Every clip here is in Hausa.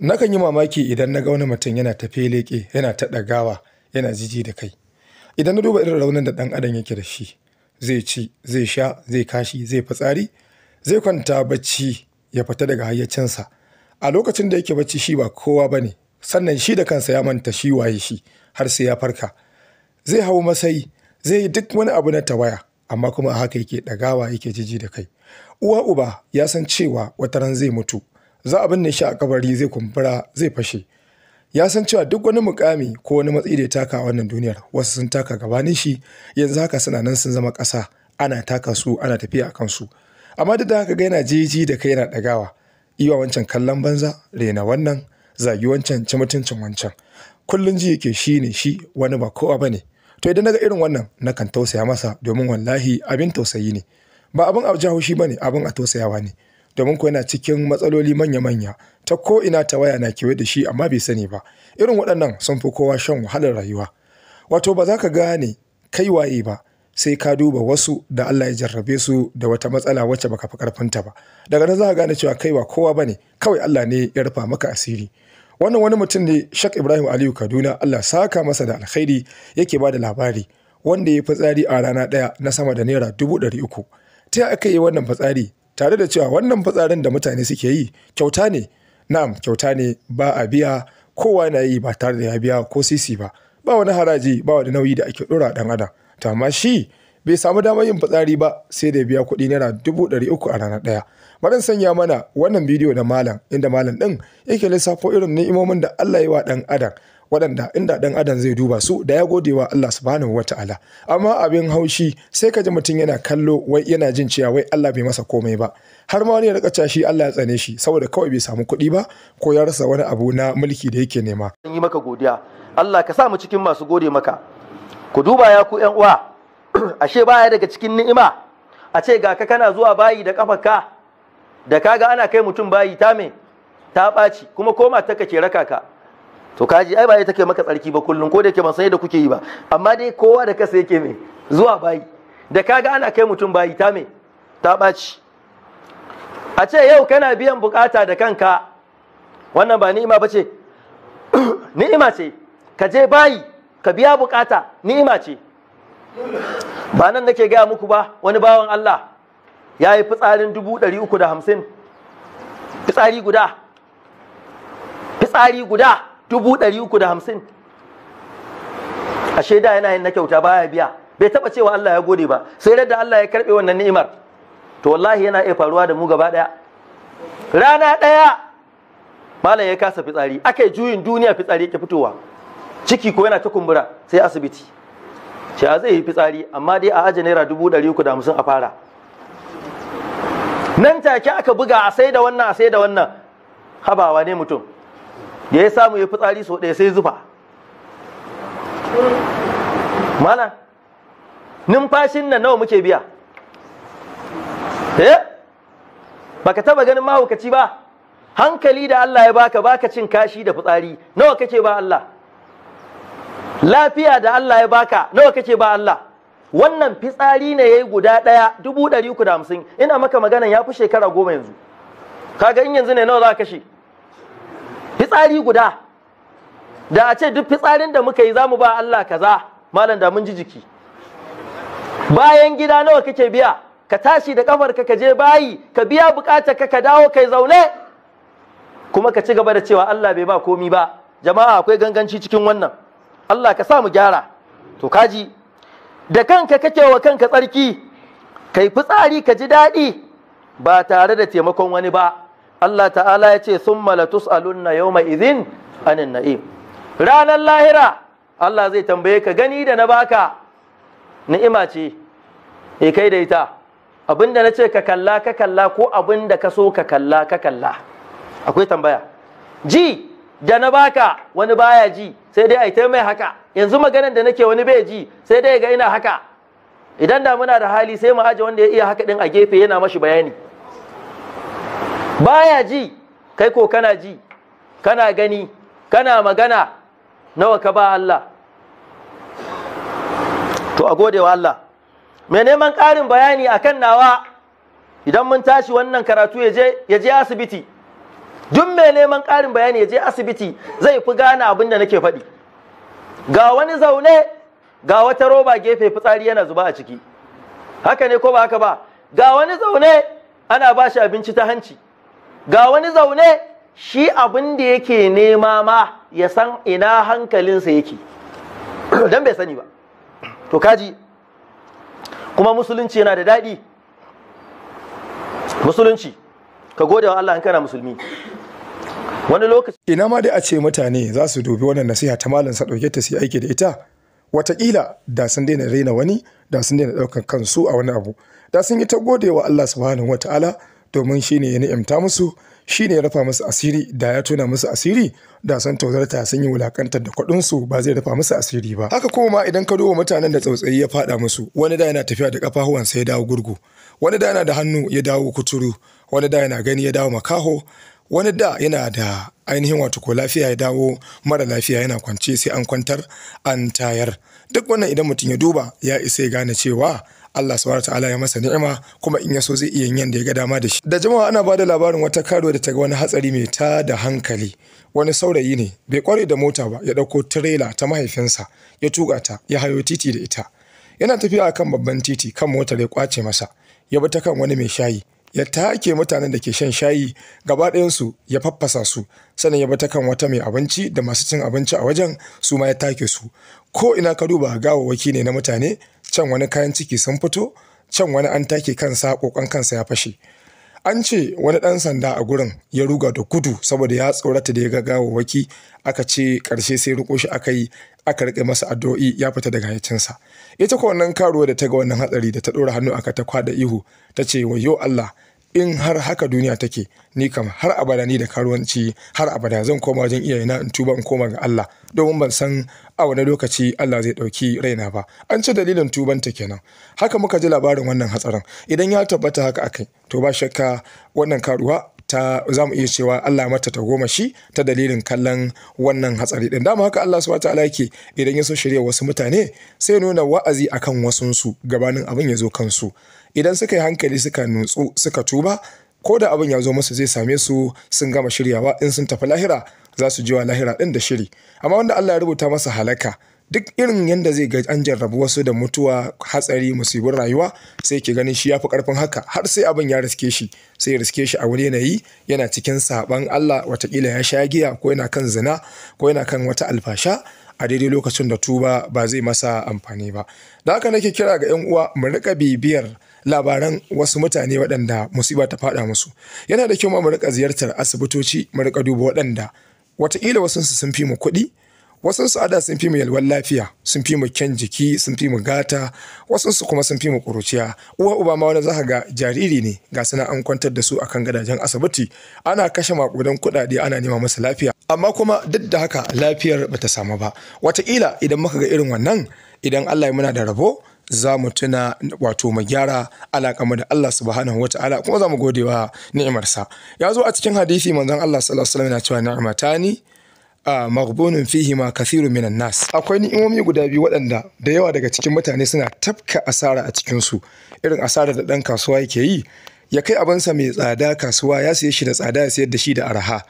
nakan yi mamaki idan na ga wani mutum yana ta leƙe, yana ta ɗagawa yana jiji da kai idan na duba irin raunin da ɗan adam yake da shi zai ci zai sha zai kashi zai fitsari zai kwanta bacci ya fita daga hayyacinsa a lokacin da yake bacci shi ba kowa ba ne sannan shi da kansa ya manta shi waye shi har sai ya farka zai hau masai zai yi duk wani abu na tawaya amma kuma a haka yake ɗagawa yake jiji da kai uwa uba ya san cewa wata ran zai mutu za a binne shi a kabari zai kumbura zai fashe ya san cewa duk wani mukami ko wani matsi da ya taka a wannan duniyar wasu sun taka gabanin shi yanzu haka suna nan sun zama ƙasa ana taka su ana tafiya a kansu amma duk da haka ga yana jeji da kai yana ɗagawa iwa wancan kallon banza rena wannan zagi wancan ci mutuncin wancan kullum ji yake shi ne shi wani ba kowa ba ne to idan naga irin wannan nakan tausaya masa domin wallahi abin tausayi ne ba abin a jahoshi ba ne abin a tausayawa ne domin ko yana cikin matsaloli manya-manya ta ko ina ta waya na kewaye da shi amma bai sani ba irin waɗannan sun fi kowa shan wahalar rayuwa wato ba za ka gane kai waye ba sai ka duba wasu da Allah ya jarrabe su da wata matsala wacce baka fi karfinta ba daga nan za ka gane cewa kai ba kowa bane kawai Allah ne ya rufa maka asiri wannan wani mutum ne Shak Ibrahim Aliyu Kaduna Allah saka masa da alkhairi yake ba da labari wanda ya fitsari a rana ɗaya na sama da naira dubu ɗari uku ta aka yi wannan fitsari tare da cewa wannan fitsarin da mutane suke yi kyauta ne na'am kyauta ne ba a biya kowa na yi ba tare da ya biya ko sisi ba ba wani haraji ba wani nauyi da ake dora dan adam to amma shi bai samu damar yin fitsari ba sai da biya kuɗi naira dubu ɗari uku a rana ɗaya barin sanya mana wannan bidiyo da malam inda malam ɗin yake lissafo irin ni'imomin da Allah ya wa ɗan adam waɗanda inda ɗan adam zai duba su da ya gode wa Allah subhanahu wata'ala amma abin haushi sai ka ji mutum yana kallo wai yana jin cewa wai Allah bai masa komai ba har ma wani ya rika shi Allah ya tsane shi saboda kawai bai samu kuɗi ba ko ya rasa wani abu na mulki da yake nema yi maka godiya Allah ka sa mu cikin masu gode maka ku duba ya ku ƴan uwa ashe baya daga cikin ni'ima a ce ga ka kana zuwa bayi da kafarka da kaga ana kai mutum bayi ta me ta ɓaci kuma ko ta ke raka ka to kaji ai ba ita take maka tsarki ba kullum ko da yake ban san yadda kuke yi ba amma dai kowa da kasa yake me zuwa bayi da kaga ana kai mutum bayi ta me ta ɓaci a ce yau kana biyan bukata da kanka wannan ba ni'ima ba ce ni'ima ce ka je bayi ka biya bukata ni'ima ce ba nan nake gaya muku ba wani bawan Allah ya yi fitsarin dubu ɗari uku da hamsin fitsari guda fitsari guda dubu ɗari uku da hamsin ashe da yana yin na kyauta baya biya bai taɓa cewa Allah ya gode ba sai da Allah ya karɓe wannan ni'imar to wallahi yana iya faruwa da mu gaba ɗaya rana ɗaya malam ya kasa fitsari aka yi juyin duniya fitsari ke fitowa ciki ko yana ta kumbura sai asibiti shi a zai yi fitsari amma dai a aje naira dubu ɗari uku da hamsin a fara nan take aka buga a sai da wannan a sai da wannan habawa ne mutum da ya samu ya fitsari sau ɗaya sai zufa mana numfashin nan nawa muke biya eh baka taba ganin mahaukaci ba hankali da Allah ya baka baka cin kashi da fitsari nawa kake ba Allah lafiya da Allah ya baka nawa kake ba Allah wannan fitsari ne yayi guda ɗaya dubu ɗari uku da hamsin ina maka maganan ya fi shekara goma yanzu kaga in yanzu ne nawa za ka kashe fitsari guda da a ce duk fitsarin da muka yi za mu ba Allah kaza malam da mun ji jiki bayan gida nawa kake biya ka tashi da kafarka ka je bayi ka biya bukatar ka ka dawo kai zaune kuma ka ci gaba da cewa Allah bai ba komi ba jama'a akwai ganganci cikin wannan Allah ka sa mu gyara to kaji da kanka kake wa kanka tsarki kai fitsari ka ji daɗi ba tare da taimakon wani ba Allah ta'ala ya ce sun malatus alunna yau mai izin anin na'im ranar lahira Allah zai tambaye ka gani da na baka ni'ima ce e kai da ita abinda na ce ka kalla ka kalla ko abinda ka so ka kalla ka kalla akwai tambaya ji da na baka wani baya ji sai dai a yi mai haka yanzu maganar da nake wani bai ji sai dai ga ina haka idan da muna da hali sai mu aje wanda ya iya haka din a gefe yana mashi bayani baya ji kai ko kana ji kana gani kana magana nawa ka ba Allah to a gode wa Allah mai neman ƙarin bayani akan nawa idan mun tashi wannan karatu ya je asibiti duk mai neman ƙarin bayani ya je asibiti zai fi gane abin da nake faɗi ga wani zaune ga wata roba gefe fitsari yana zuba a ciki haka ne ko ba haka ba ga wani zaune ana ba shi abinci ta hanci ga wani zaune shi abin da yake nema ma ya san ina hankalinsa yake don bai sani ba to kaji kuma musulunci yana da daɗi musulunci ka gode wa Allah kana musulmi wani lokaci ina ma dai a ce mutane za su dubi wannan nasiha ta malam sa dauke ta su aiki da ita watakila da sun daina raina wani da sun daina ɗaukar kansu a wani abu da sun yi ta gode wa Allah subhanahu wataala domin shi ne ya ni'imta musu shi ne ya rafa musu asiri da ya tuna musu asiri da san ya sun yi wulakantar da kuɗin ba zai rafa musu asiri ba haka kuma idan ka duba mutanen da tsautsayi ya faɗa musu wani da yana tafiya da kafahuwan sai ya dawo gurgu wani da yana da hannu ya dawo kuturu wani da yana gani ya dawo makaho wani da yana da ainihin wato ko lafiya ya dawo mara lafiya yana kwance sai an kwantar an tayar duk wannan idan mutum ya duba ya isa ya gane cewa Allah subhanahu ta'ala ya masa ni'ima kuma in ya so zai iya yin da ya ga dama da shi da jama'a ana bada labarin wata karo da ta ga wani hatsari mai ta da hankali wani saurayi ne bai kware da mota ba ya ɗauko tirela ta mahaifinsa ya tuka ta ya hayo titi da ita yana tafiya akan babban titi kan motar ya kwace masa ya bi ta kan wani mai shayi ya take mutanen da ke shan shayi gaba ɗayansu ya faffasa su sannan ya bata kan wata mai abinci da masu cin abinci a wajen su ma ya take su ko ina ka duba gawawwaki ne na mutane can wani kayan ciki sun fito can wani an take kansa kokon kansa ya fashe an ce wani ɗan sanda a gurin ya ruga da kudu saboda ya tsorata da ya ga gawawwaki aka ce ƙarshe sai riko shi aka yi aka riƙe masa addu'o'i ya fita daga hayacinsa ita ko nan karuwa da ta ga wannan hatsari da ta ɗora hannu aka ta kwada ihu ta ce wayo Allah in har haka duniya take ni kam har abada ni da karuwanci har abada zan koma wajen iyayena in tuba in koma ga Allah domin ban san a wani lokaci Allah zai ɗauki raina ba an ce dalilin tubanta kenan haka muka ji labarin wannan hatsarin idan ya tabbata haka akai to ba shakka wannan karuwa ta za mu iya cewa Allah mata ta goma shi ta dalilin kallon wannan hatsari din dama haka Allah subhanahu wataala yake idan ya so shirya wasu mutane sai nuna wa'azi akan wasunsu gabanin abin ya zo kansu idan suka yi hankali suka nutsu suka tuba ko da abin ya zo musu zai same su sun gama shiryawa in sun tafi lahira za su ji wa lahira din da shiri amma wanda Allah ya rubuta masa halaka duk irin yadda zai ga an jarrabu wasu da mutuwa hatsari musibin rayuwa sai ke ganin shi ya fi karfin haka har sai abin ya riske shi sai riske shi a wani yanayi yana cikin saban Allah watakila ya sha giya ko yana kan zina ko yana kan wata alfasha a daidai lokacin da tuba ba zai masa amfani ba da haka nake kira ga yan uwa mu rika bibiyar labaran wasu mutane waɗanda musiba ta faɗa musu yana da kyau mu rika ziyartar asibitoci mu rika duba waɗanda watakila wasu sun fi mu kuɗi wasu su ada sun fi mu yalwar lafiya sun fi mu kyan jiki sun fi mu gata wasu su kuma sun fi mu kuruciya uwa uba ma wani zaka ga jariri ne ga suna an kwantar da su akan gadajen asibiti ana kashe makudan kuɗaɗe ana nema masa lafiya amma kuma duk da haka lafiyar bata samu ba wataƙila idan muka ga irin wannan idan Allah ya muna da rabo za mu tuna wato mu gyara alaƙamu da Allah subhanahu wataala kuma za mu gode wa ni'imarsa ya zo a cikin hadisi manzon Allah sallallahu alaihi wasallam yana cewa ni'matani maghbunun fihi ma kathiru minan nas akwai ni'imomi guda biyu waɗanda da yawa daga cikin mutane suna tafka asara a cikin su irin asarar da ɗan kasuwa yake yi ya kai abansa mai tsada kasuwa ya siye shi da tsada ya sayar da shi da araha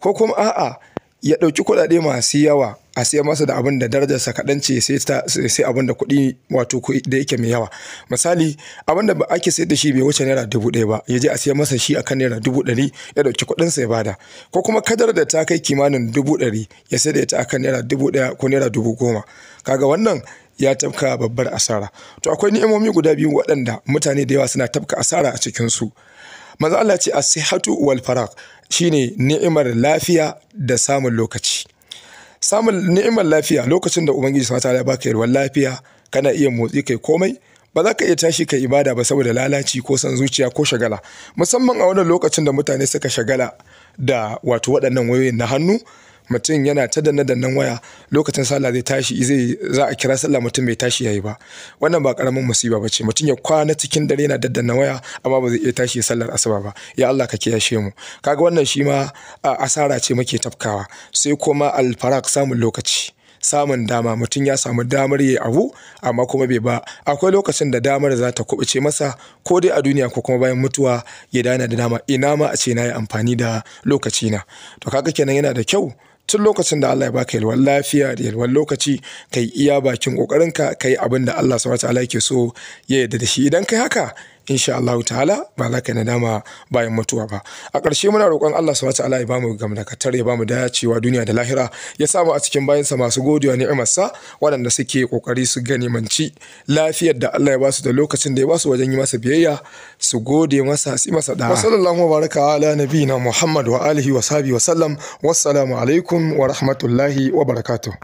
ko kuma a'a ya ɗauki kuɗaɗe masu yawa a siya masa da abin da darajarsa kaɗan ce sai abin da kuɗi wato da yake mai yawa misali abin da ake sayar da shi bai wuce naira dubu ɗaya ba ya je a siya masa shi akan naira dubu ɗari ya ɗauki kuɗinsa ya bada ko kuma kadar da ta kai kimanin dubu ɗari ya sayar da ita akan naira dubu ɗaya ko naira dubu goma kaga wannan ya tafka babbar asara to akwai ni'imomi guda biyu waɗanda mutane da yawa suna tafka asara a cikinsu manzo Allah ce as-sihhatu wal faragh shine ni'imar lafiya da samun lokaci samun ni'imar lafiya lokacin da ubangiji subhanahu wataala ya baka yarwar lafiya kana iya motsi kai komai ba za ka iya tashi kai ibada ba saboda lalaci ko san zuciya ko shagala musamman a wannan lokacin da mutane suka shagala da wato waɗannan wayoyin na hannu mutum yana ta danne waya lokacin sallah zai tashi zai za a kira sallah mutum bai tashi yayi ba wannan ba karamin musiba ba ce mutum ya kwana cikin dare yana daddanna waya amma ba zai iya tashi sallar asuba ba ya Allah ka kiyashe mu kaga wannan shi ma asara ce muke tafkawa sai kuma alfarak samun lokaci samun dama mutum ya samu damar yi abu amma kuma bai ba akwai lokacin da damar za ta kubuce masa ko dai a duniya ko kuma bayan mutuwa ya dana da dama ina ma a ce na yi amfani da lokaci na. to kaga kenan yana da kyau tun lokacin da Allah ya baka yalwar lafiya da yalwar lokaci kai iya bakin kokarinka kai abin da Allah subhanahu ta'ala yake so ya yarda da shi idan kai haka insha Allah ta'ala ba za ka nadama bayan mutuwa ba a ƙarshe muna roƙon Allah subhanahu ta'ala ya bamu gamdakatar ya bamu cewa duniya da lahira ya samu a cikin sa masu godiya ni'imarsa waɗanda suke ƙoƙari su gani manci lafiyar da Allah ya basu da lokacin da ya basu wajen yi masa biyayya su gode masa su masa da sallallahu wa baraka ala nabiyina Muhammad wa alihi wa sahbihi wa sallam wassalamu alaikum wa rahmatullahi wa barakatuh